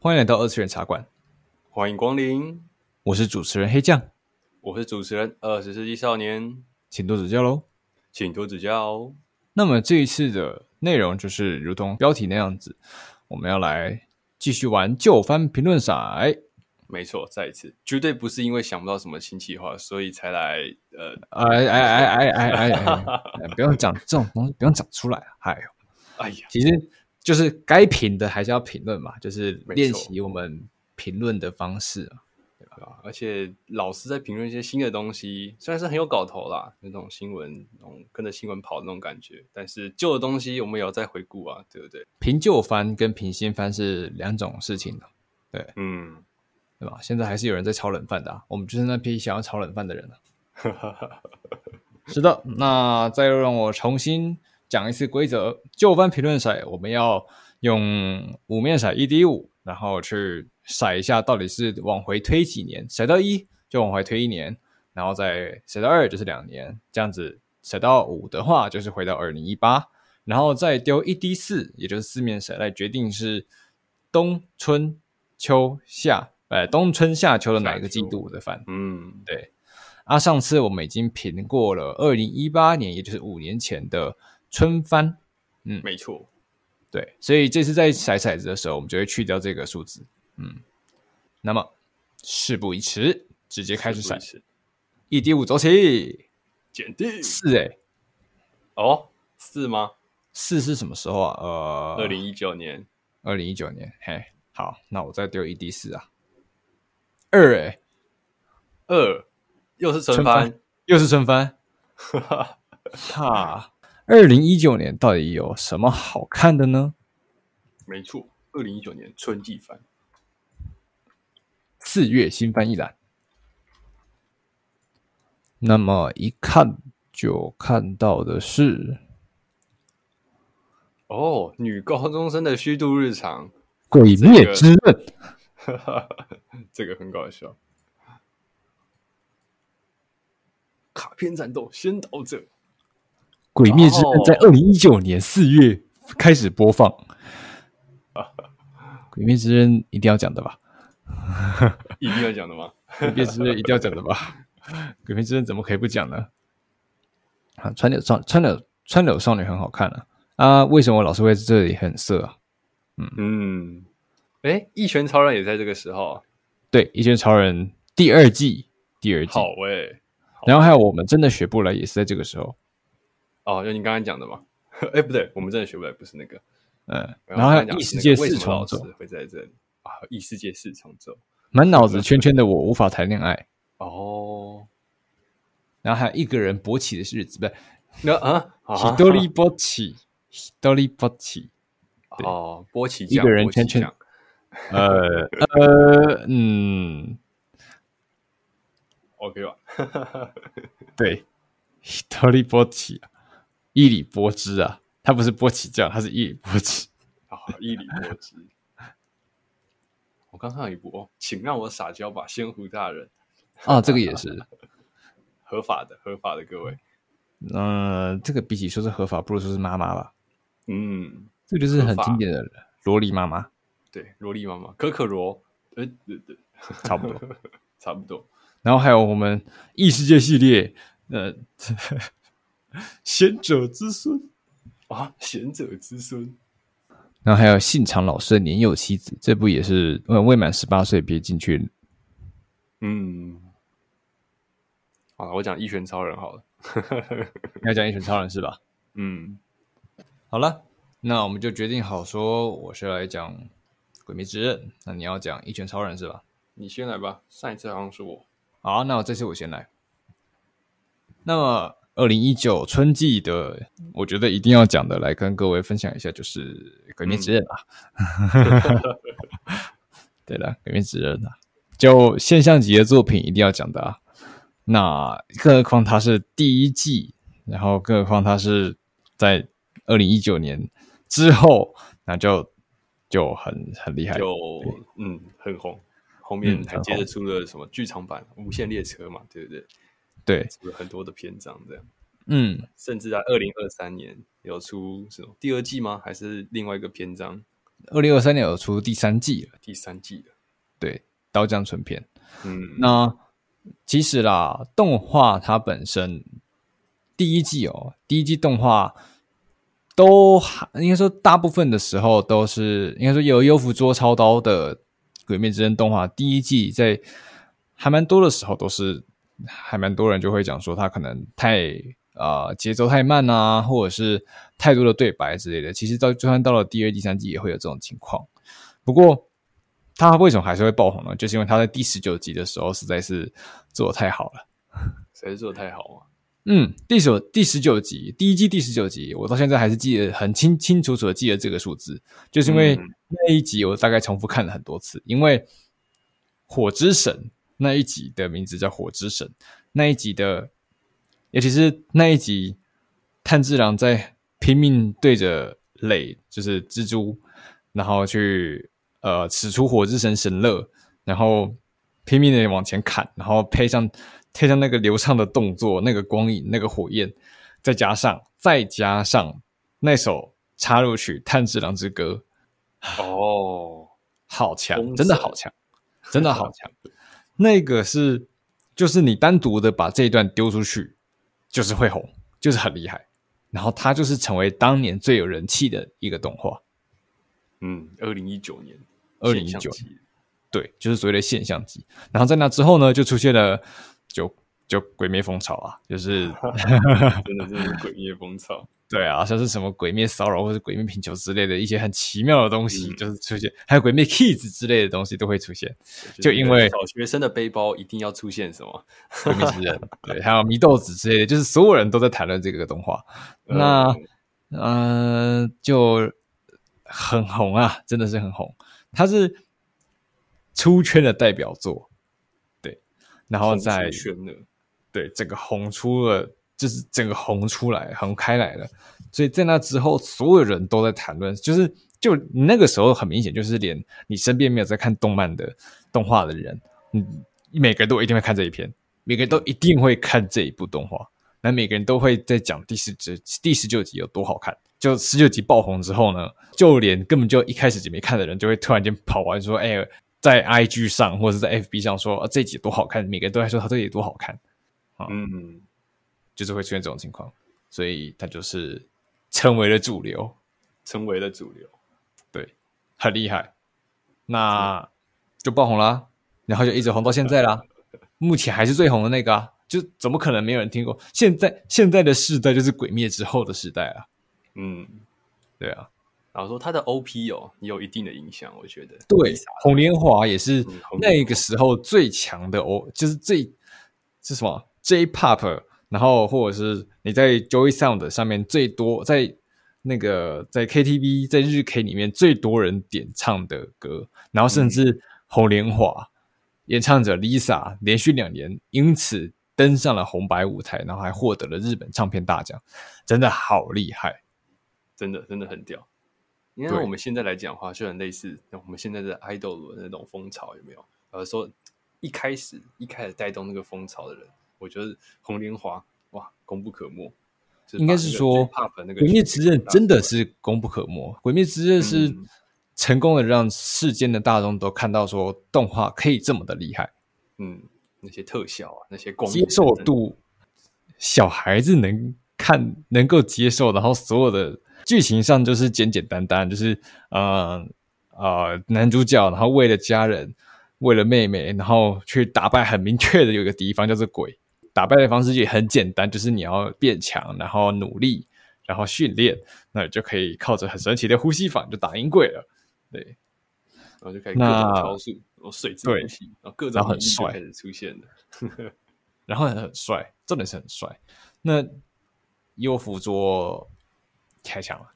歡迎來到二次元茶館，歡迎光臨，我是主持人黑醬，我是主持人二十世紀少年，請多指教嘍，請多指教哦，那麼這一次的內容就是如同標題那樣子，我們要來繼續玩舊番評論骰。沒錯，再一次，絕對不是因為想不到什麼新企劃，所以才來，呃，哎哎哎哎哎哎，哎，哎， 哎，不用講這種東西，不用講出來，哎呦，哎呀，其實。就是該評的還是要評論嘛，就是練習我們評論的方式、啊，錯對吧？而且老師在評論一些新的東西，雖然是很有搞頭啦，那種新聞，那種跟着新聞跑的那種感覺，但是舊的東西我們也要再回顧啊，對不對？評舊番跟評新番是兩種事情的、啊，對，嗯，對吧？現在還是有人在炒冷飯的、啊，我們就是那批想要炒冷飯的人了。 是的，那再讓我重新。講一次規則，舊番評論骰，我們要用五面骰一滴五，然後去骰一下，到底是往回推幾年。骰到一就往回推一年，然後再骰到二就是兩年，這樣子骰到五的話就是回到二零一八，然後再丟一滴四，也就是四面骰來決定是冬、春、秋、夏，哎、呃，冬、春、夏、秋的哪一個季度秋的番。嗯，對。啊，上次我們已經評過了二零一八年，也就是五年前的。春番，嗯，沒錯錯，對，所以這次在甩骰，骰子的時候，我們就會去掉這個數字，嗯。那麼事不宜遲，直接開始甩，1D5 走起，檢定四，哎、欸，哦，四嗎？四是什麼時候啊？呃，二零一九年，二零一九年，嘿，好，那我再丟 1D4 啊，二哎、欸，二、呃，又是春番，春番，又是春番，哈 哈，哈二零一九年到底有什麼好看的呢？沒錯，二零一九年春季番，四月新番一覽。那麼一看就看到的是，哦，女高中生的虛度日常，鬼滅之刃，哈哈哈，這個很搞笑，卡片戰鬥先導者。《鬼滅之刃》在二零一九年四月開始播放，Oh.《鬼滅之刃》一定要講的吧？ 一定要講的嗎？ 《鬼滅之刃》一定要講的吧？ 《鬼滅之刃》怎麼可以不講呢？啊，川柳少川柳川柳少女很好看啊，啊！為什麼老是會在這裡很色啊？嗯嗯，哎、欸，《一拳超人》也在這個時候。對，《一拳超人》第二季第二季。好喂。然後還有我們真的學不來，也是在這個時候。哦，就你剛剛講的嘛？哎，不對，我們真的學不來，不是那個。呃，然後還有異世界四重奏會在這裡啊，異世界四重奏滿腦子圈圈的我無法談戀愛哦。然後還有一個人勃起的日子，不啊？希多利勃起，希多利勃起，哦，勃起一個人圈圈，呃呃嗯，OK 吧？對，希多利勃起。伊里波茲啊，他不是波奇醬，他是伊里波奇。好、 哦，伊里波茲。我剛看到一部，請讓我撒嬌吧，仙狐大人。啊、哦，這個也是 合法的，合法的，各位。嗯、呃，這個比起說是合法，不如說是媽媽吧。嗯，這個就是很經典的蘿法莉媽媽。對，蘿莉媽媽，可可羅，呃，對對， 差不多， 差不多。然後還有我們異、e、世界系列，呃。 賢者之孫啊，賢者之孫，然後還有信長老師的年幼妻子，這部也是未滿十八歲別進去。嗯，好了，我講一拳超人好了， 你要講一拳超人是吧？嗯，好了，那我們就決定好說，我是來講《鬼滅之刃》，那你要講《一拳超人》是吧？你先來吧，上一次好像是我，好，那我這次我先來，那麼。二零一九春季的，我覺得一定要講的，來跟各位分享一下，就是《鬼滅之刃》啊。嗯、 對啦，《鬼滅之刃》啊，就現象級的作品，一定要講的啊。那更何況它是第一季，然後更何況它是在二零一九年之後，那就就很很厲害，就嗯，很紅。後面還接着出了什麼劇場版《嗯、無限列車》嘛，對不對，對？對，有很多的篇章這樣，嗯，甚至在二零二三年有出什麼第二季嗎？還是另外一個篇章？二零二三年有出第三季了，第三季了。對，《刀匠村篇》，嗯，那其實啦，動畫它本身第一季哦、喔，第一季動畫都還應該說大部分的時候都是應該說有 ufotable 操刀的《鬼滅之刃》動畫第一季，在還蠻多的時候都是。還蠻多人就會講說他可能太啊、呃、節奏太慢啊，或者是太多的對白之類的。其實到就算到了第二、第三季也會有這種情況。不過他為什麼還是會爆紅呢？就是因為他在第十九集的時候實在是做的太好了，實在是做的太好啊！嗯，第十第十九集，第一季第十九集，我到現在還是記得很清清楚楚的記得這個數字，就是因為那一集我大概重複看了很多次，因為火之神。那一集的名字叫《火之神》，那一集的，尤其是那一集，炭治郎在拼命對着累，就是蜘蛛，然後去呃使出火之神神樂，然後拼命的往前砍，然後配上配上那個流暢的動作，那個光影，那個火焰，再加上再加上那首插入曲《炭治郎之歌》，哦，好強，神真的好強，真的好強。 那個是，就是你單獨的把這一段丟出去，就是會紅，就是很厲害。然後它就是成為當年最有人氣的一個動畫。嗯，二零一九年，二零一九，對，就是所謂的現象級。然後在那之後呢，就出現了，就就鬼滅風潮啊，就是 真的是鬼滅風潮。 對啊，像是什麼鬼滅騷擾或者鬼滅貧窮之類的一些很奇妙的東西，就是出現，嗯、還有鬼滅 Kids 之類的東西都會出現。嗯、就因為小學生的背包一定要出現什麼鬼滅之刃， 對，還有禰豆子之類的，就是所有人都在談論這個動畫，嗯，那嗯、呃、就很紅啊，真的是很紅，它是出圈的代表作，對，然後在對，整個紅出了。就是整個紅出來，紅開來了，所以在那之後，所有人都在談論，就是就那個時候很明顯，就是連你身邊沒有在看動漫的動畫的人，嗯，每個人都一定會看這一篇，每個人都一定會看這一部動畫，那每個人都會在講第十集、第十九集有多好看。就十九集爆紅之後呢，就連根本就一開始就沒看的人，就會突然間跑完說：“哎，在 IG 上或者在 FB 上說，啊，這集多好看。”每個人都在說他這裡多好看，啊，嗯，嗯。就是會出現這種情況，所以他就是成為了主流，成為了主流，對，很厲害，那就爆紅了，啊，然後就一直紅到現在啦。嗯嗯嗯嗯，目前還是最紅的那個，啊，就怎麼可能沒有人聽過？現在現在的世代就是鬼滅之後的時代啊，嗯，對啊。然後說他的 O P 有、哦、有一定的影響，我覺得對，紅蓮華也是那個時候最強的哦，就是最是什麼 J Pop。然後，或者是你在 Joy Sound 上面最多，在那個在 KTV 在日 K 裡面最多人點唱的歌，然後甚至紅蓮華演唱者 Lisa 連續兩年因此登上了紅白舞台，然後還獲得了日本唱片大獎，真的好厲害，真的真的很屌。因為我們現在來講的話就很類似，我們現在的 idol 的那種風潮有沒有？呃，說一開始一開始帶動那個風潮的人。我覺得紅蓮華哇，功不可沒。應該是說，那個《鬼滅之刃》真的是功不可沒，《鬼滅之刃》是成功的讓世間的大眾都看到說動畫可以這麼的厲害。嗯，那些特效啊，那些光接受度，小孩子能看，能夠接受，然後所有的劇情上就是簡簡單單，就是呃呃男主角，然後為了家人，為了妹妹，然後去打敗很明確的有一個敵方，叫做鬼。打敗的方式也很簡單，就是你要變強，然後努力，然後訓練，那就可以靠着很神奇的呼吸法就打贏鬼了。對，然後就可以各種超速，然後水對，然後各種很帥開始出現了，然後很帥，真的 是很帥。那又輔助開槍了、啊。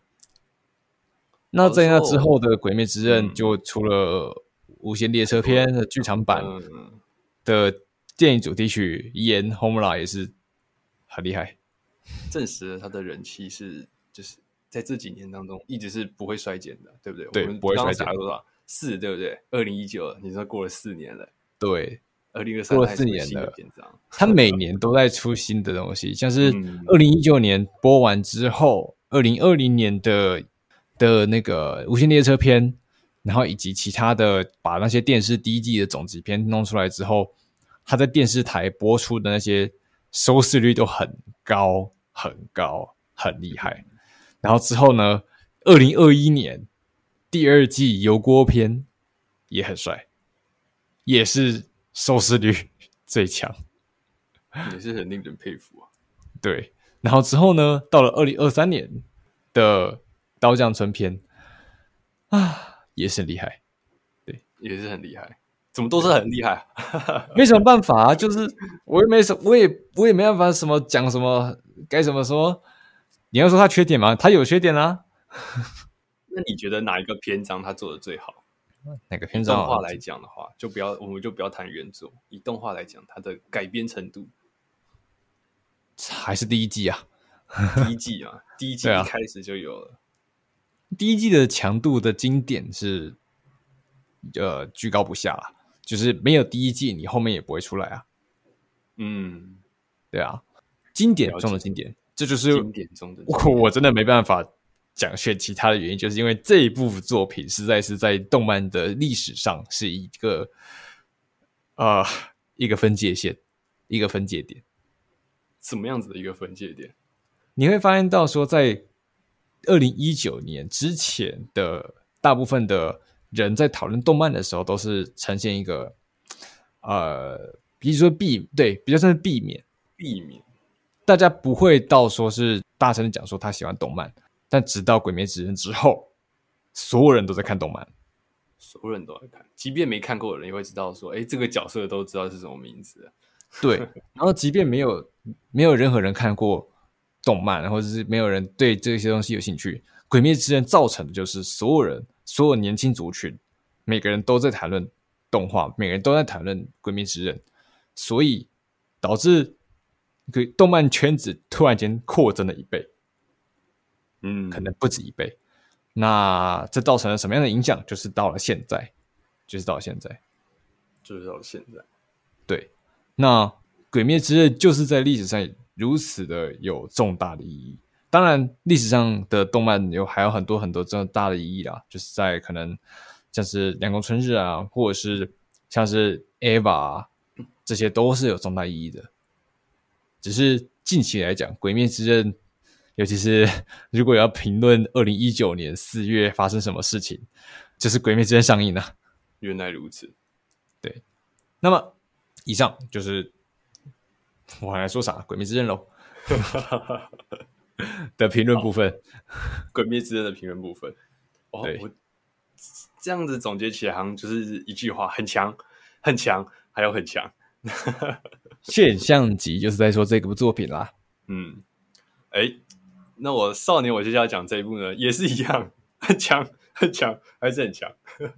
那在那之後的《鬼滅之刃》就出了《無限列車篇》的劇場版的。電影主題曲《炎》Homura, 也是很厲害，證實了他的人氣是，就是在這幾年當中一直是不會衰減的，對不對？對，我們不會衰減多少？四，對不對？二零一九，你說過了四年了，對，二零二三過了四年了以他每年都在出新的東西，像是二零一九年播完之後，二零二零年的的那個無限列車篇，然後以及其他的把那些電視第一季的總集篇弄出來之後。他在電視台播出的那些收視率都很高，很高，很厲害。然後之後呢，二零二一年第二季遊郭篇，也很帥，也是收視率最強，也是很令人佩服啊。對，然後之後呢，到了二零二三年的刀匠村篇啊，也是很厲害，對，也是很厲害。怎麼都是很厲害啊， 沒什麼辦法啊，就是我也沒什麼，我也我也沒辦法什麼講什麼該怎麼說。你要說他缺點嗎？他有缺點啊。 那你覺得哪一個篇章他做的最好？哪個篇章？動畫來講的話，就不要我們就不要談原作。以動畫來講，它的改編程度還是第一季啊， 第一季啊，第一季一開始就有了。啊、第一季的強度的經典是呃居高不下啦。就是沒有第一季，你後面也不會出來啊。嗯，對啊，經典中的經典，這就是經典中的經典。我我真的沒辦法講選其他的原因，就是因為這一部作品實在是在動漫的歷史上是一個啊、呃、一個分界線，一個分界點。什麼樣子的一個分界點？你會發現到說，在二零一九年之前的大部分的。人在討論動漫的時候，都是呈現一個呃，比如說避對，比較算是避免避免，大家不會到說是大聲的講說他喜歡動漫。但直到《鬼滅之刃》之後，所有人都在看動漫，所有人都在看，即便沒看過的人也會知道說，哎、欸，這個角色都知道是什麼名字，啊。 對，然後即便沒有沒有任何人看過動漫，或者是沒有人對這些東西有興趣，《鬼滅之刃》造成的就是所有人。所有年輕族群，每個人都在談論動畫，每個人都在談論《鬼滅之刃》，所以導致鬼動漫圈子突然間擴增了一倍，嗯，可能不止一倍。那這造成了什麼樣的影響？就是到了現在，就是到現在，就是到了現在。對，那《鬼滅之刃》就是在歷史上如此的有重大的意義。當然，歷史上的動漫有還有很多很多這麼大的意義啦，就是在可能像是《涼宮春日》啊，或者是像是《EVA》啊，這些都是有重大意義的。只是近期來講，《鬼滅之刃》，尤其是如果要評論二零一九年四月發生什麼事情，就是《鬼滅之刃》上映啦。原來如此，對。那麼以上就是我還來說啥，《鬼滅之刃》嘍。 的評論部分，哦《鬼滅之刃》的評論部分哦，對我這樣子總結起來，好像就是一句話：很強，很強，還有很強， 現象級，就是在說這部作品啦。嗯，哎、欸，那我少年我就要講這一部呢，也是一樣，很強，很強，還是很強。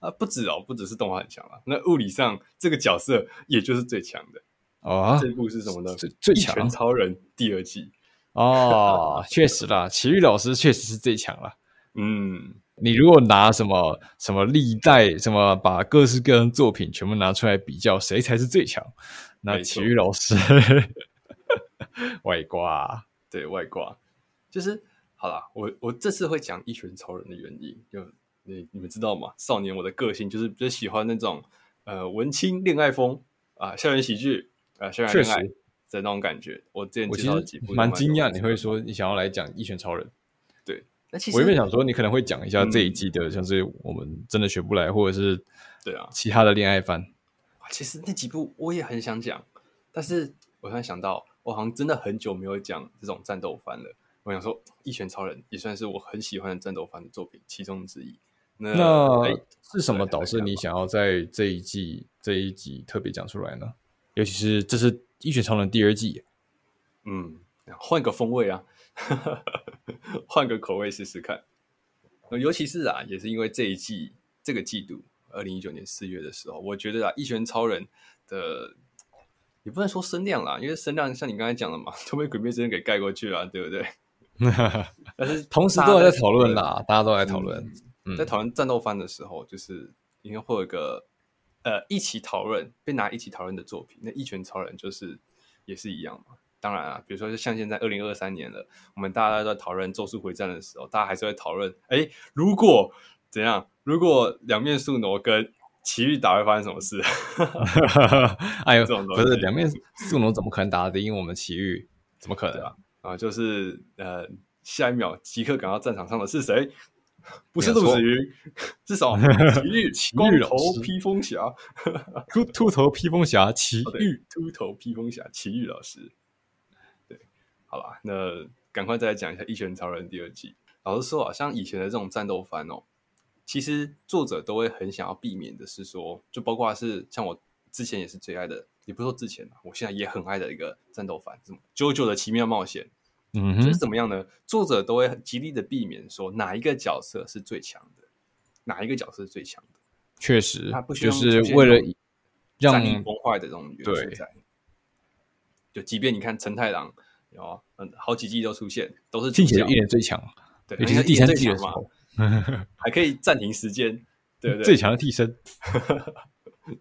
啊，不止哦，不只是動畫很強啦，那物理上這個角色也就是最強的啊、哦嗯。這一部是什麼呢？是《一拳超人》第二季。 哦，確實啦，埼玉老師確實是最強啦。嗯，你如果拿什麼什麼歷代什麼把各式各樣作品全部拿出來比較，誰才是最強？那埼玉老師錯 外掛瓜，對外掛就是好啦。我我這次會講一拳超人的原因，就你你們知道嗎？少年我的個性就是比較喜歡那種呃文青戀愛風啊，校、呃、園喜劇啊，校園戀愛。的那種感覺，我之前的我其實蠻驚訝，你會說你想要來講《一拳超人》。對，那其實我原本想說，你可能會講一下這一季的，嗯、像是我們真的學不來，或者是對啊其他的戀愛番、啊啊。其實那幾部我也很想講，但是我突然想到，我好像真的很久沒有講這種戰鬥番了。我想說，《一拳超人》也算是我很喜歡的戰鬥番的作品其中之一。那，那是什麼導致你想要在這一季這一集特別講出來呢？尤其是這是。《一拳超人》第二季、嗯，換個風味啊，換個口味試試看。尤其是啊，也是因為這一季這個季度，二零一九年四月的時候，我覺得啊，《一拳超人》的也不能說聲量啦，因為聲量像你剛才講的嘛，都被《鬼滅之刃》給蓋過去啦、啊，對不對？但是 同時都還在討論啦，嗯、大家都在討論，嗯、在討論戰鬥番的時候，就是應該會有一個。呃，一起討論被拿一起討論的作品，那《一拳超人》就是也是一樣嘛。當然啊，比如說就像現在二零二三年了，我們大家都在討論《咒術回戰》的時候，大家還是會討論：哎，如果怎樣？如果兩面宿儺跟埼玉打會發生什麼事？ 哎呦，這種東西不是兩面宿儺怎麼可能打得贏我們埼玉？怎麼可能啊？啊、呃，就是呃，下一秒即刻趕到戰場上的是誰？不是陸子瑜，至少埼玉埼玉禿頭披風俠，禿禿頭披風俠埼玉，禿頭披風俠埼玉老師，對，好吧，那趕快再來講一下《一拳超人》第二季。老實說啊，像以前的這種戰鬥番哦，其實作者都會很想要避免的是說，就包括是像我之前也是最愛的，也不說之前了，我現在也很愛的一個戰鬥番，這種《JOJO 的奇妙冒險》。嗯哼，就是怎麼樣呢？作者都會極力的避免說哪一個角色是最強的，哪一個角色是最強的。確實，他不需要就是為了讓你崩壞的這種元素在。就即便你看承太郎有嗯，好幾季都出現，都是聽起來一人最強，對，尤其是第三季嘛，還可以暫停時間，對不對，最強的替身，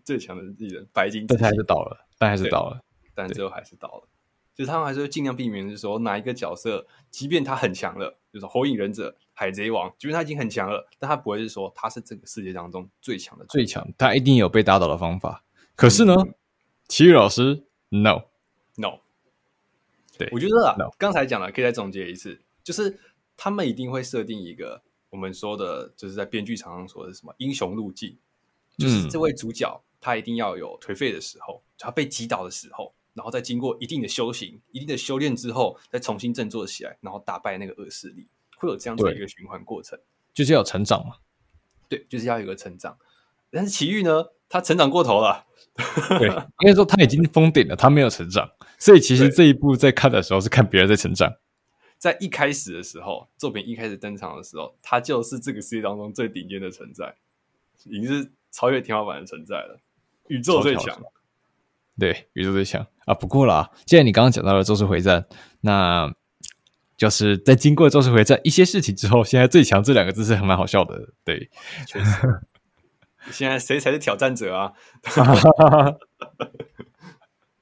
最強的替身，白金，但還是倒了，但還是倒了，但最後還是倒了。就是他們還是會盡量避免，就是說哪一個角色，即便他很強了，就是《火影忍者》《海賊王》，即便他已經很強了，但他不會是說他是這個世界當中最強的最強，他一定有被打倒的方法。可是呢，齊雨、嗯嗯、老師，no no，對，我覺得啊，剛 No 才講了，可以再總結一次，就是他們一定會設定一個我們說的，就是在編劇場上說的是什麼英雄路徑，就是這位主角、嗯、他一定要有頹廢的時候，他被擊倒的時候。然後再經過一定的修行，一定的修煉之後，再重新振作起來，然後打敗那個惡勢力，會有這樣的一個循環過程，就是要成長嘛？對，就是要，有、就是、要有一個成長。但是埼玉呢？他成長過頭了。 對，應該說他已經封頂了，他沒有成長。所以其實這一部在看的時候是看別人在成長。在一開始的時候，作品一開始登場的時候，他就是這個世界當中最頂尖的存在，已經是超越天花板的存在了，宇宙最強。對，宇宙最強啊！不過了，既然你剛剛講到了宙斯回戰，那就是在經過宙斯回戰一些事情之後，現在最強這兩個字是很蠻好笑的。對，確實。 現在誰才是挑戰者啊？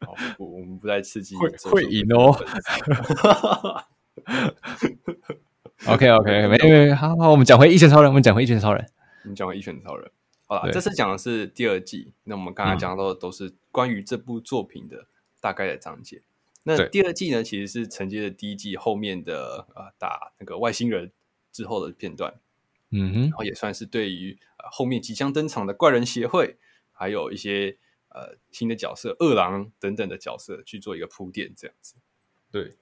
我們我們不再刺激，會會贏哦。 OK OK， 沒沒好好，我們講回一拳超人，我們講回一拳超人，我們講回一拳超人。好了，對這次講的是第二季。那我們剛才講到的都是關於這部作品的大概的章節。嗯、那第二季呢，對其實是承接了第一季後面的呃打那個外星人之後的片段。嗯哼，然後也算是對於、呃、後面即將登場的怪人協會，還有一些呃新的角色、餓狼等等的角色去做一個鋪墊，這樣子。對。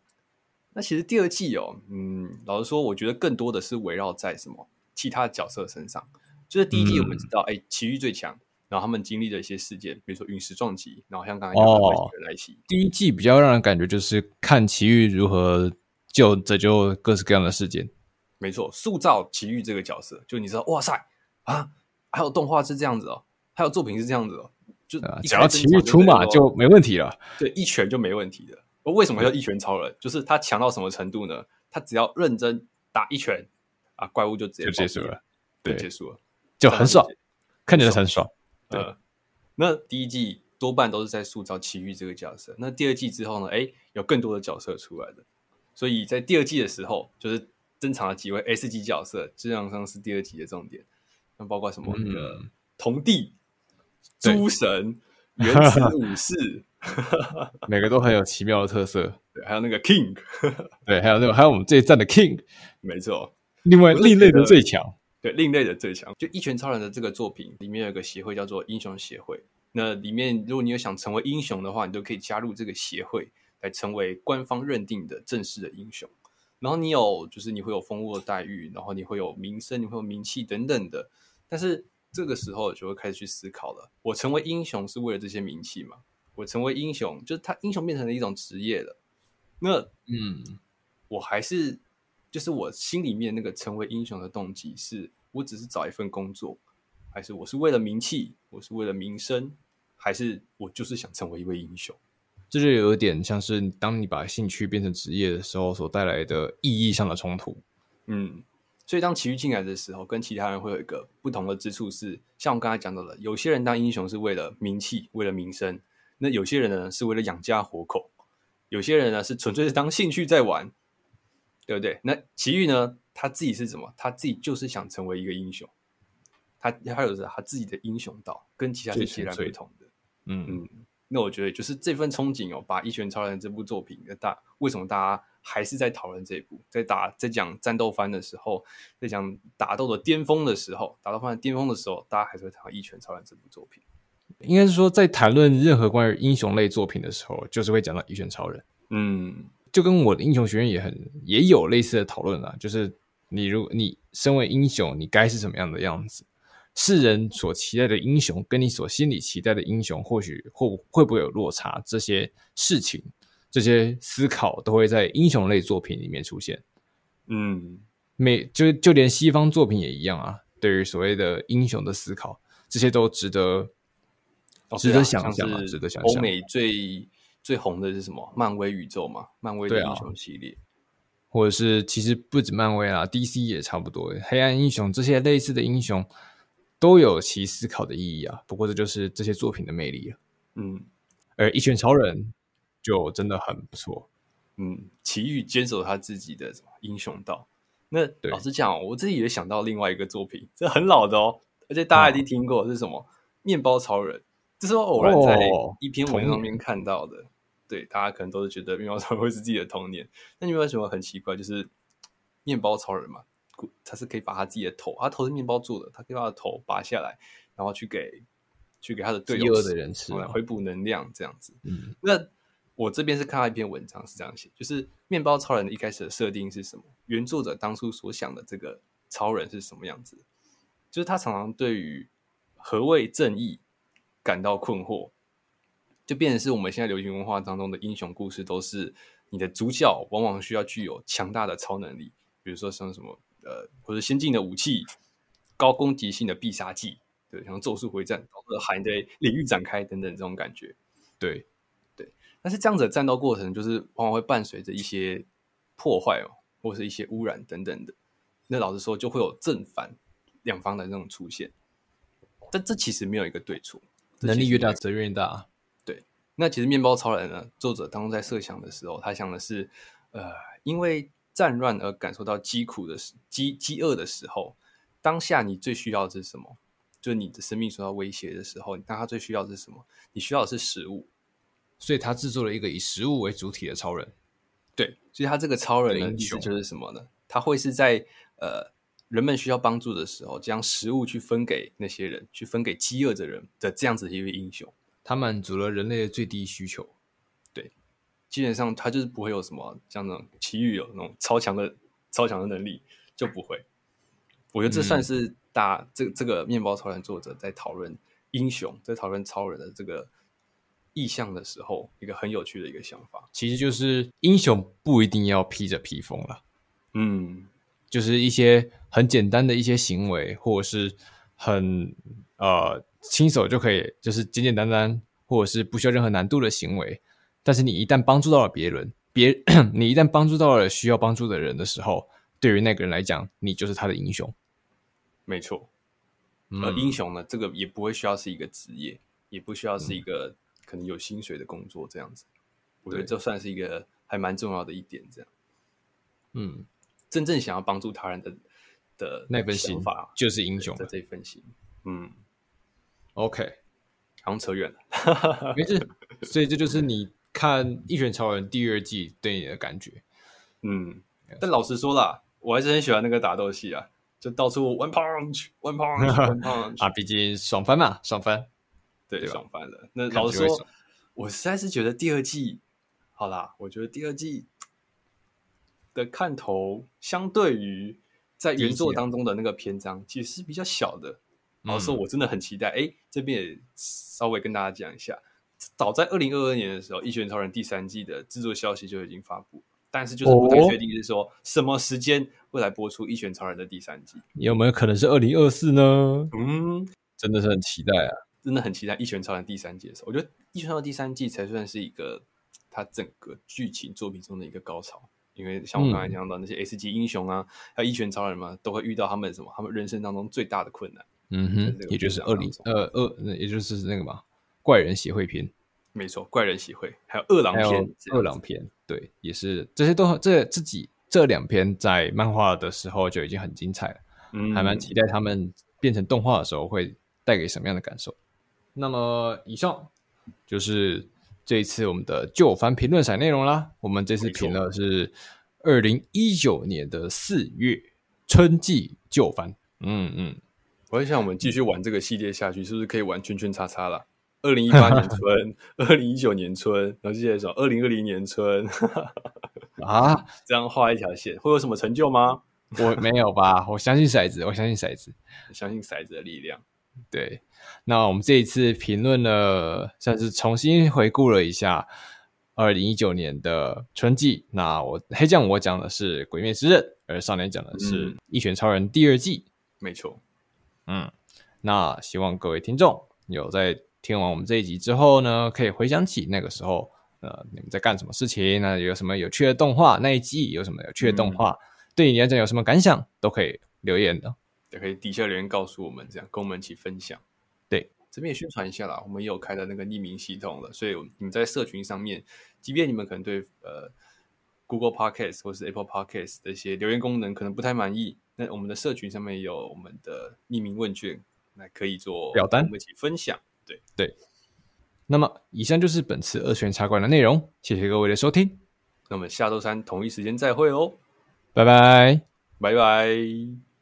那其實第二季哦，嗯，老實說，我覺得更多的是圍繞在什麼其他角色身上。就是第一季我們知道，哎、嗯欸，奇遇最強，然後他們經歷的一些事件，比如說隕石撞擊，然後像剛才哦，有人來襲。第一季比較讓人感覺就是看奇遇如何就拯救各式各樣的事件。沒錯，塑造奇遇這個角色，就你知道，哇塞啊，還有動畫是這樣子哦，還有作品是這樣子哦，就只、啊、要、啊、奇遇出馬就沒問題了。對，一拳就沒問題的。題了為什麼叫一拳超人？就是他強到什麼程度呢？他只要認真打一拳啊，怪物就直接就結束了，對，結束了。就很爽，看起來很爽。對、呃，那第一季多半都是在塑造埼玉這個角色。那第二季之後呢？誒、欸，有更多的角色出來了。所以在第二季的時候，就是登場了幾位 S 級角色，質量上是第二季的重點。那包括什麼那個童帝？個童帝、豬神、對原子武士， 每個都很有奇妙的特色。對，還有那個 King， 對，還有那個，還有我們這一站的 King，沒錯錯。另外，另類的最強。對，另類的最強，就《一拳超人》的這個作品裡面有一個協會叫做英雄協會。那裡面，如果你有想成為英雄的話，你都可以加入這個協會來成為官方認定的正式的英雄。然後你有，就是你會有豐厚的待遇，然後你會有名聲，你會有名氣等等的。但是這個時候我就會開始去思考了：我成為英雄是為了這些名氣嗎？我成為英雄，就是他英雄變成了一種職業了。那嗯，我還是。就是我心裡面那個成為英雄的動機，是我只是找一份工作，還是我是為了名氣，我是為了名聲，還是我就是想成為一位英雄？這就有點像是當你把興趣變成職業的時候所帶來的意義上的衝突。嗯，所以當埼玉進來的時候，跟其他人會有一個不同的之處是，像我剛才講到的了，有些人當英雄是為了名氣、為了名聲，那有些人呢是為了養家活口，有些人呢是純粹是當興趣在玩。對不對？那埼玉呢？他自己是什麼？他自己就是想成為一個英雄。他他有著他自己的英雄道，跟其他其他人不同的。最最嗯嗯。那我覺得就是這份憧憬哦，把《一拳超人》這部作品，大為什麼大家還是在討論這部，在打在講戰鬥番的時候，在講打鬥的巔峰的時候，打鬥番的巔峰的時候，大家還是會討論《一拳超人》這部作品。應該是說，在談論任何關於英雄類作品的時候，就是會講到《一拳超人》。嗯。就跟《我的英雄學院》也很也有類似的討論啊，就是你如你身為英雄，你該是什麼樣的樣子？世人所期待的英雄，跟你所心裡期待的英雄，或許會會不會有落差？這些事情，這些思考，都會在英雄類作品裡面出現。嗯，每就就連西方作品也一樣啊。對於所謂的英雄的思考，這些都值得，值得想象啊，哦、啊值得想象、啊。歐美最。最紅的是什麼？漫威宇宙嘛，漫威的英雄系列，啊、或者是其實不止漫威啦、啊、，DC 也差不多、欸。黑暗英雄這些類似的英雄都有其思考的意義啊。不過這就是這些作品的魅力、啊、嗯，而一拳超人就真的很不錯。嗯，琦玉堅守他自己的什麼英雄道。那對老實講，我自己也想到另外一個作品，這很老的哦，而且大家一定聽過是什麼？面、嗯、包超人，這是我偶然在、哦、一篇文章那看到的。對，大家可能都是覺得面包超人會是自己的童年，那你為什麼很奇怪？就是面包超人嘛，他是可以把他自己的頭，他頭是面包做的，他可以把他的頭拔下來，然後去給去給他的隊友，吃，來回補能量這樣子。哦、嗯，那我這邊是看到一篇文章是這樣寫，就是面包超人一開始的設定是什麼？原作者當初所想的這個超人是什麼樣子？就是他常常對於何謂正義感到困惑。就變成是我們現在流行文化當中的英雄故事，都是你的主角往往需要具有強大的超能力，比如說像什麼呃，或者先進的武器，高攻擊性的必殺技，對，像咒術回戰，或者海在領域展開等等這種感覺，對對。但是這樣子的戰鬥過程，就是往往會伴隨着一些破壞哦，或是一些污染等等的。那老實說，就會有正反兩方的那種出現。但這其實沒有一個對錯，能力越大，責任越大。那其實麵包超人呢，作者當初在設想的時候，他想的是，呃，因為戰亂而感受到飢苦的時飢飢餓的時候，當下你最需要的是什麼？就你的生命受到威脅的時候，你當下最需要的是什麼？你需要的是食物，所以他製作了一個以食物為主體的超人。對，所以他這個超人的意思就是什麼呢？他會是在呃人們需要幫助的時候，將食物去分給那些人，去分給飢餓的人的這樣子一位英雄。它滿足了人類的最低需求，對，基本上它就是不會有什麼像那種奇遇，有那種超強的超強的能力，就不會。我覺得這算是打這、嗯、這個麵包超人作者在討論英雄，在討論超人的這個意象的時候，一個很有趣的一個想法，其實就是英雄不一定要披着披風了，嗯，就是一些很簡單的一些行為，或者是很呃。親手就可以，就是簡簡單單，或者是不需要任何難度的行為。但是你一旦幫助到了別人，別 你一旦幫助到了需要幫助的人的時候，對於那個人來講，你就是他的英雄。沒錯錯，嗯、而英雄呢，這個也不會需要是一個職業，也不需要是一個、嗯、可能有薪水的工作這樣子。對我覺得這算是一個還蠻重要的一點。這樣，嗯，真正想要幫助他人的的那份心法，就是英雄的這份心。嗯。OK，好像扯遠了， 沒事。所以這就是你看《一拳超人》第二季對你的感覺。嗯，但老實說啦，我還是很喜歡那個打鬥戲啊，就到處 One Punch One Punch One Punch 啊， 畢竟爽翻嘛，爽翻，對，對吧爽翻了。那老實說，我實在是覺得第二季好啦，我覺得第二季的看頭相對於在原作當中的那個篇章，啊、其實是比較小的。然後說，哦、我真的很期待。哎、欸，這邊也稍微跟大家講一下，早在二零二二年的時候，《一拳超人》第三季的制作消息就已經發布，但是就是不太確定是說什麼時間會來播出《一拳超人》的第三季。有沒有可能是二零二四呢？嗯，真的是很期待啊！真的很期待《一拳超人》第三季的時候。我覺得《一拳超人》第三季才算是一個他整個劇情作品中的一個高潮，因為像我剛才講到那些 S 級英雄啊，嗯、還有《一拳超人》啊嘛，都會遇到他們什麼他們人生當中最大的困難。嗯哼，也就是《惡靈》呃，惡、呃，也就是那個嘛，《怪人協會篇》，沒錯，《怪人協會》還有狼《餓狼篇》《餓狼篇》，對，也是這些都這自己這兩篇在漫畫的時候就已經很精彩了，嗯，還蠻期待他們變成動畫的時候會帶給什麼樣的感受。那麼，以上就是這一次我們的舊番評論骰內容啦。我們這次評的是二零一九年的四月春季舊番，嗯，嗯嗯。我想，我們繼續玩這個系列下去，是不是可以玩圈圈叉叉了？二零一八年春，二零一九年春， 然後接下來說，二零二零年春 啊！這樣畫一條線，會有什麼成就嗎？我沒有吧？我相信骰子，我相信骰子，相信骰子的力量。對，那我們這一次評論了，算是重新回顧了一下二零一九年的春季。那我黑醬我講的是《鬼滅之刃》，而少年講的是《一拳超人》第二季，嗯、沒錯。嗯，那希望各位聽眾有在聽完我們這一集之後呢，可以回想起那個時候，呃，你們在幹什麼事情，啊。那有什麼有趣的動畫？那一季有什麼有趣的動畫？嗯、對你來講有什麼感想？都可以留言的，也可以底下留言告訴我們，這樣跟我們一起分享。對，這邊也宣傳一下啦，我們也有開的那個匿名系統了，所以你們在社群上面，即便你們可能對呃 Google Podcast 或是 Apple Podcast 的一些留言功能可能不太滿意。那我們的社群上面有我們的匿名問卷，那可以做表單，我們一起分享。對對，那麼以上就是本次二選茶館的內容，謝謝各位的收聽。那我們下周三同一時間再會哦，拜拜 bye，拜拜。